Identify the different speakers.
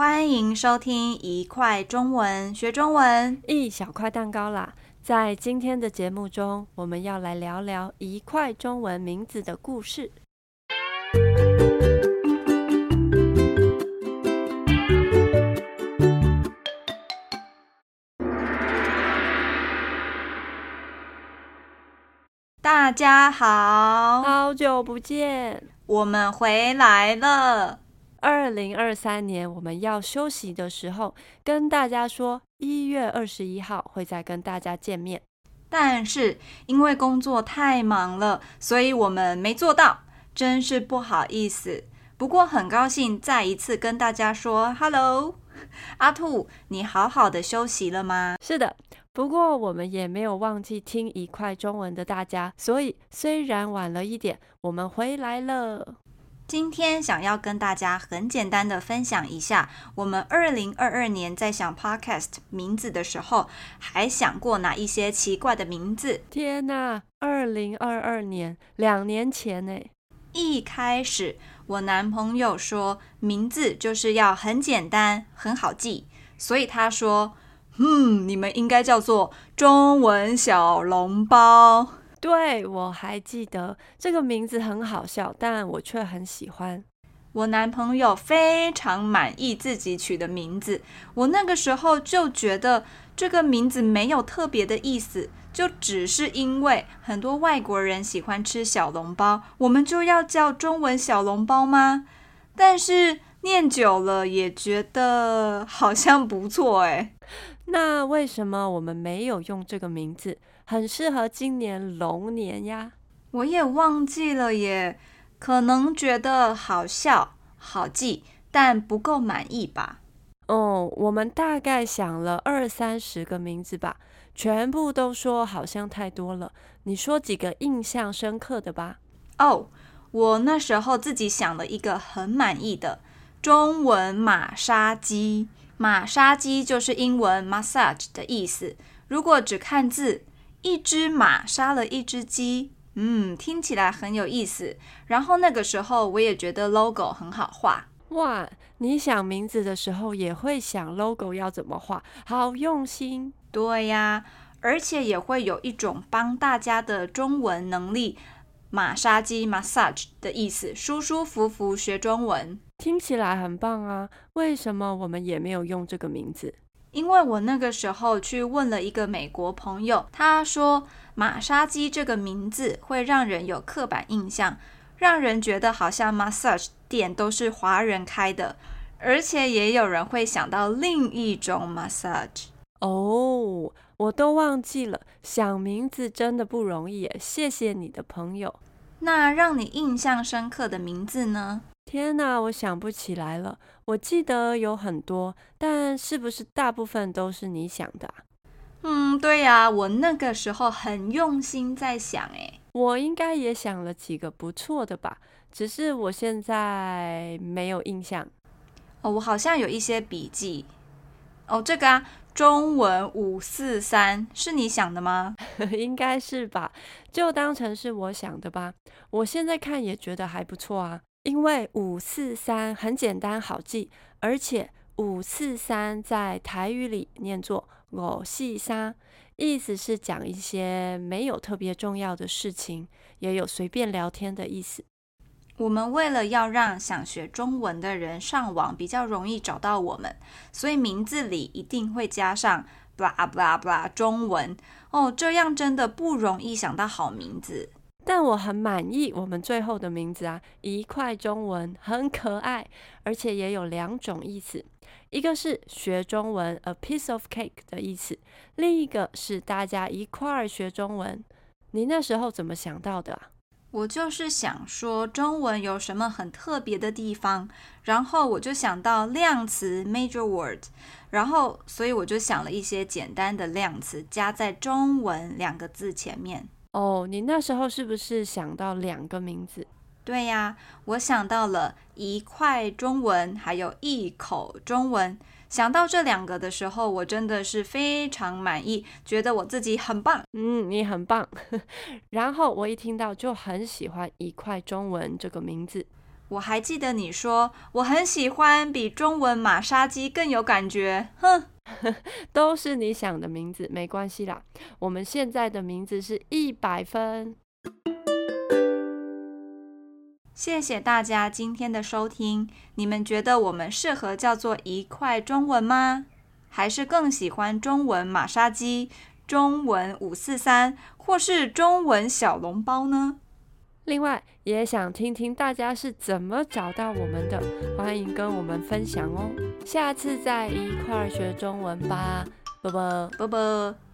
Speaker 1: 歡迎收聽《一塊中文》，學中文，一小塊蛋糕啦！在今天的節目中，我們要來聊聊一塊中文名字的故事。大家好，好久不見，我們回來了。二零二三年，我們要休息的時候，跟大家說一月二十一號會再跟大家見面，但是因為工作太忙了，所以我們沒做到，真是不好意思。不過很高興再一次跟大家說哈囉。阿兔，你好好的休息了嗎？是的，不過我們也沒有忘記聽一塊中文的大家，所以雖然晚了一點，我們回來了。今天想要跟大家很簡單的分享一下，我們二零二二年在想 podcast 名字的時候，還想過哪一些奇怪的名字？天哪，二零二二年，兩年前誒。一開始我男朋友說，名字就是要很簡單，很好記，所以他說，嗯，你們應該叫做中文小籠包。對，我還記得這個名字很好笑，但我卻很喜歡。我男朋友非常滿意自己取的名字，我那個時候就覺得這個名字沒有特別的意思，就只是因為很多外國人喜歡吃小籠包，我們就要叫中文小籠包嗎？但是念久了也覺得好像不錯誒。那為什麼我們沒有用這個名字？很適合今年龍年呀！我也忘記了耶，可能覺得好笑、好記，但不夠滿意吧。哦、oh,，我們大概想了二三十個名字吧，全部都說好像太多了。你說幾個印象深刻的吧？哦、oh,，我那時候自己想了一個很滿意的中文“馬殺雞”，“馬殺雞”就是英文 “massage” 的意思。如果只看字。一隻馬殺了一隻雞，嗯，聽起來很有意思。然後那個時候我也覺得 logo 很好畫。哇，你想名字的時候也會想 logo 要怎麼畫，好用心。對呀，而且也會有一種幫大家的中文能力，馬殺雞 massage 的意思，舒舒服服學中文，聽起來很棒啊。為什麼我們也沒有用這個名字？因為我那個時候去問了一個美國朋友，他說“馬殺雞”這個名字會讓人有刻板印象，讓人覺得好像 massage 店都是華人開的，而且也有人會想到另一種 massage。哦、Oh，我都忘記了，想名字真的不容易耶。謝謝你的朋友。那讓你印象深刻的名字呢？天吶，我想不起來了。我記得有很多，但是不是大部分都是你想的啊？嗯，對呀，我那個時候很用心在想，誒，我應該也想了幾個不錯的吧，只是我現在沒有印象。哦，我好像有一些筆記。哦，這個啊，中文五四三是你想的嗎？ 應該是吧，就當成是我想的吧。我現在看也覺得還不錯啊。因為五四三很簡單好記，而且五四三在台語裡念作“我系三”，意思是講一些沒有特別重要的事情，也有隨便聊天的意思。我們為了要讓想學中文的人上網比較容易找到我們，所以名字裡一定會加上“ blah blah blah 中文”哦，這樣真的不容易想到好名字。但我很滿意我們最後的名字啊，一塊中文很可愛，而且也有兩種意思，一個是學中文 a piece of cake 的意思，另一個是大家一塊學中文。你那時候怎麼想到的啊？我就是想說中文有什麼很特別的地方，然後我就想到量詞 major word，然後所以我就想了一些簡單的量詞加在中文兩個字前面。哦、oh,，你那時候是不是想到兩個名字？對呀、啊，我想到了一塊中文，還有一口中文。想到這兩個的時候，我真的是非常滿意，覺得我自己很棒。嗯，你很棒。 然後我一聽到就很喜歡一塊中文這個名字。我還記得你說，我很喜歡比中文馬殺雞更有感覺。哼。 都是你想的名字，沒關係啦。我們現在的名字是一百分。謝謝大家今天的收聽。你們覺得我們適合叫做一塊中文嗎？還是更喜歡中文馬殺雞、中文五四三，或是中文小籠包呢？另外。也想聽聽大家是怎麼找到我們的，歡迎跟我們分享哦！下次再一塊兒學中文吧，啵啵啵啵。寶寶